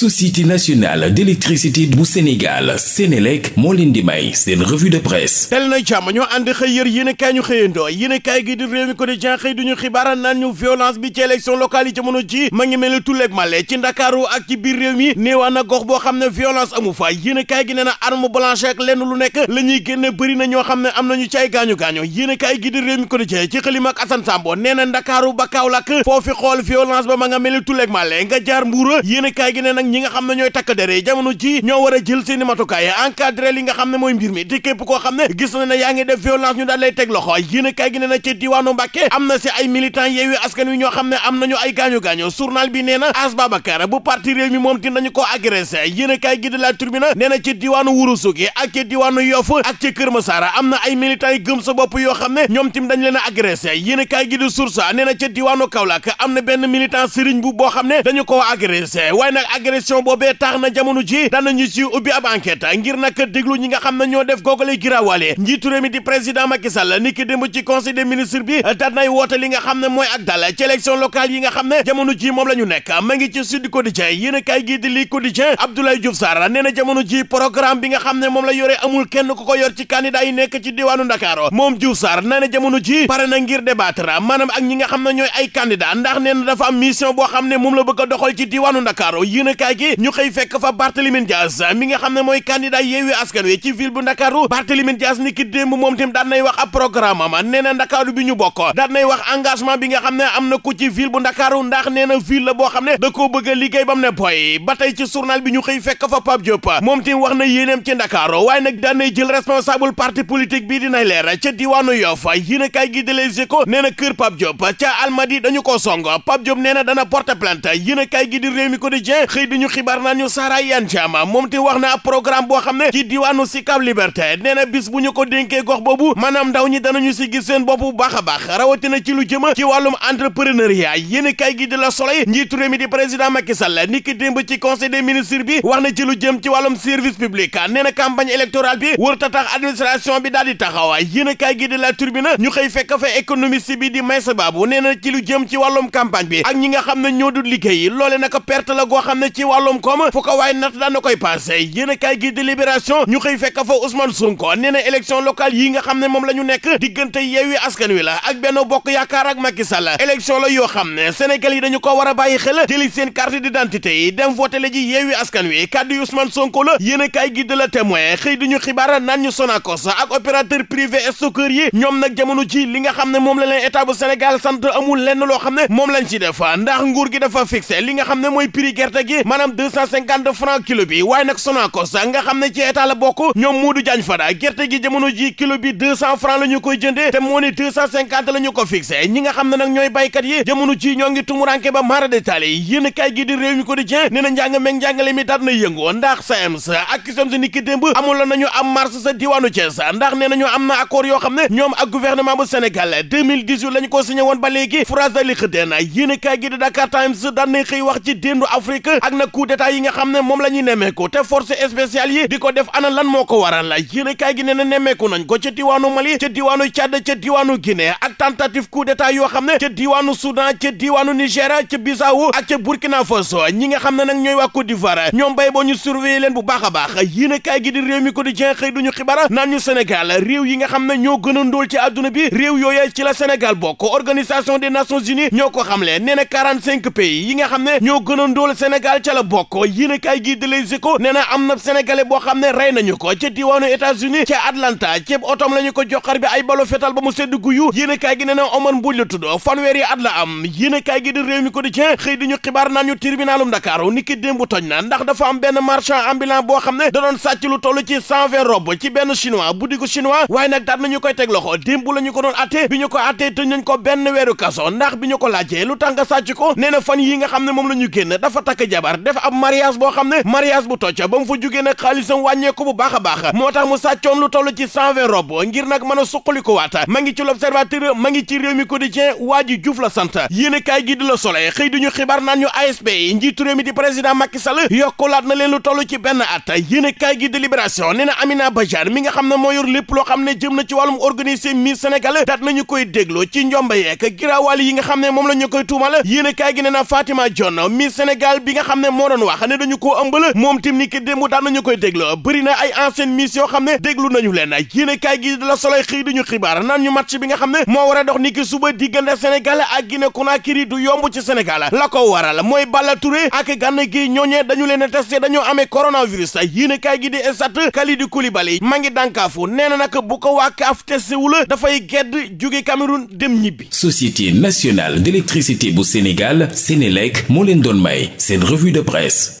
société nationale d'électricité bu Sénégal Sénélec moo leen di may seen revue de presse tel na jàmm ñoo ànd xëy yër yéen ñu xëyandoo yéen kaay gi di réew mi quotidien xëy duñu na gox boo xam ne violence amu fa yéen kaay gi nee na arme blanche ak lenn lu nekk la ñuy génne bëri na ñoo xam ne am nañu ci ay gaañu-gaañu yéen gi di réew mi quotidien ci xëlim ak Assane Sambo nee na Ndakaaru ba Kaolack foofi xool violence ba ma nga mel ni tulleeg male nga ñi nga xam na ñooy takk der yi ji ñoo war a jël seeni matukaay encadré li nga xam ne mooy mbir mi di képp koo xam ne gis na ne yaa ngi def violence ñu daal teg loxo yéen kaay gi ne na ci diwaanu Mbàkke am na si ay militant yeewi askan wi ñoo xam ne am nañu ay gaañu-gaañu journal bi nee na As Babacar bu parti réew mi moom dinañu ko agressé yéen kaay gi de la tribune nee na ci diwaanu Ourossogui ak ci diwaanu Yoff ak ci Kër Masara am na ay militants yi bopp yoo xam ne ñoom a agressé yéen kaay gi de Source nee na ci diwaanu boo xam ne dañu ko agressé pression boobee tax na jamono ji danañu ci ubbi ab enquête ngir nag déglu ñi nga xam ne ñoo def googale giraawaale njiitu réew di président Macky Sall ni ki démb ci conseil des ministres bi daat nay woote li nga xam ne mooy ak dal ci yi nga xam ne jamono ji moom la ñu nekk ma ngi ci Sud Quotidien a kaay gii di lii Quotidien Abdoulaye Diouf Sarr nee na jamono ji programme bi nga xam ne moom la yore amul kenn ku ko yor ci candidat yi nekk ci diwaanu ndakaaro moom Diouf Sarr nee na jamono ji pare na ngir débattre maanaam ak ñi nga xam ne ñooy ay candidat ndax nee na dafa am mission boo xam ne moom la bëgg a doxal ci diwaanu Dakar yéen a kaay gi ñu xëy fekk fa Barthélémy Dias mi nga xam ne mooy candidat Yewwi Askan Wi ci ville bu Ndakaaru Barthélémy Dias ni ki démb moom tamit daan nay wax ab programme am nee na Ndakaaru bi ñu bokk daan nay wax engagement bi nga xam ne am na ko ci ville bu Ndakaaru ndax nee na ville la boo xam ne da koo bëgg a liggéey ba mu ne boy ba tey ci journal bi ñu xëy fekk fa Pape Diop moom tamit wax na yéeneem ci Ndakaaru waaye nag daan nay jël responsable parti politique bii dinay leer ca diwaanu Yoff gi de Les Échos nee na kër ko song Pape Diop nee na dana porter plainte gi di Rewmi Quotidien ñu xibaar naan ñu Sahara Iyane moom te wax na programme boo xam ne ci diwaanu Sicap Liberté nee na bis bu ñu ko dénkee gox boobu maanaam ndaw ñi dana ñu si gis seen bopp bu baax a baax rawatina ci lu jëm ci wàllum entrepreneuriat yéen kay gi di la Soleil njiitu réew mi di président Macky Sall ni ki démb ci conseil des bi wax na ci lu jëm ci wàllum service public nee na campagne électorale bi wërta tax administration bi daal di taxaw yéen kay gi di la Tribune ñu xëy fekk fa économiste bi di Meissa Babou nee na lu jëm ci wàllum campagne bi ak ñi nga xam ne ñoo dul liggéey loole naka perte la goo ci wàllum koom fu ko waaye natt daan na koy passé yéen a gi di libération ñu xëy fekk fa Ousmane Sonko nee na élection locale yi nga xam ne moom la ñu nekk diggante Yewwi Askan Wi la ak Benno Bokk Yaakaar ak Macky Sall élection la yoo xam ne Sénégal yi dañu ko war a bàyyi xel jëli seen carte d'identité yi dem voté la ji Yewwi Askan Wi kàddu yi Ousmane Sonko la yéen a kaay gi de la témoin xëy di ñu xibaar naan ñu Sonacos ak opérateur privé stockeur yi ñoom nag jamono ji li nga xam ne moom la leen état bu Sénégal sant amul lenn loo xam ne moom lañ ci def ndax nguur gi dafa fixé li nga xam ne mooy gerte gi maanaam deux cent cinquante francs kilo bi waaye nag Sonacos nga xam ne ci état la bokk ñoom Modou Diagne Fada gerte gi jamono ji kilo bi deux cent francs la ñu koy jëndee te moo ni deux cent cinquante la ñu ko fixé ñi nga xam ne nag ñooy béykat yi jamono ji ñoo ngi tumuranke ba mara détaali yéen kay gi di réew mi quotidien nee na njàng meeg njàngale mi daat na yëngu ndax SAEMS ak CUSEMS ni ki démb amul la nañu am mars sa diwaanu Thiès ndax nee nañu am na accord yoo xam ne ñoom ak Sénégal 2018 la ñu ko signé woon ba léegi phrase dali xëddeen yéen wax ci déndu Afrique ak na coup d'état yi nga xam ne moom la ñuy nemmeeku te force spéciale yi di ko def ana lan moo ko waral la yéene kaay gi nee na nemmeeku nañ ko ca diwaanu Mali ca diwaanu Tchad ca diwaanu Guinée ak tentative coup d'état yoo xam ne ca diwaanu Soudan ca diwaanu Niger ca Bissau ak ca Burkina Faso ñi nga xam ne nag ñooy waa Côte d'Ivoire ñoom bay boo ñu surveiller leen bu baax a baax yéene kaay gi di réew mi quotidien xëy duñu xibara naan ñu Sénégal réew yi nga xam ne ñoo gën a ndóol ci àdduna bi réew yooyee ci la Sénégal bokk organisation des nations unies ñoo ko xamle nee na 45 pays yi nga xam ne ñoo gën a ndóol Sénégal ca la bokk yéen a kaay gii di na am na sénégalais boo xam ne rey na ñu ko ca diwaanu États-Unis ca Atlanta ceeb otom la ñu ko joxar bi ay balo fetal ba mu sedd guyu yéen a kaay gi nee na Omar Mbuuj la tudd fanweeri la am yéen a kaay gi di réew mi quotidien xëy ñu xibaar naan ñu tribunalum Dakaaru niki démb toj na ndax dafa am benn marchand ambulant boo xam ne da doon sàcc lu toll ci cent vingt robe ci benn chinois boutique chinois waaye nag daan ko doon ko attee tëj nañ ko benn ko laajee lu tax nga sàcc ko nee na la ñu génn dafa takk jabar def ab mariage boo xam ne mariage bu tocc ba mu fa jógee nag xaalisam wàññeeku bu baax a baax moo tax mu sàccoon lu toll ci cent vingt rob ngir nag mën a suqali ko waat ma ngi ci l'observateur ma ngi ci réew mi quotidien waa ji Juuf la sant yéen kaay gi di la Soleil xëy duñu xibaar naan ñu ASP yi njiitu réew mi di président Macky Sall yokkulaat na leen lu toll ci benn at yéen kaay gi di Libération nee na Amina Badiane mi nga xam ne moo yor lépp loo xam ne jëm na ci wàllum organiser Miss Sénégal daat nañu koy déglu ci njomba yeek giraawaal yi nga xam ne moom la ñu koy tuumal yéen kaay gi nee na Fatima Dione Miss Sénégal bi nga xam ne ne moo doon wax ne dañu koo ëmbal moom tim ni ki démb daan nañu koy déglu bëri na ay ancienne miss yoo xam ne déglu nañu leen yéen kaay gi la soloy xëy di ñu xibaar naan ñu match bi nga xam ne moo war a dox ni ki suba diggante Sénégal ak Guinée Conakry du yomb ci Sénégal la ko waral mooy Balla Touré ak Gana Gueye ñooñee dañu leen testé dañoo amee coronavirus yéen kaay gi di esat Kalidou Koulibaly maa ngi dànkaafu nee na nag bu ko waa CAF testé wu la dafay gedd jóge Cameroun dem ñibbi. Société nationale d'électricité bu Sénégal Sénélec leen doon may de presse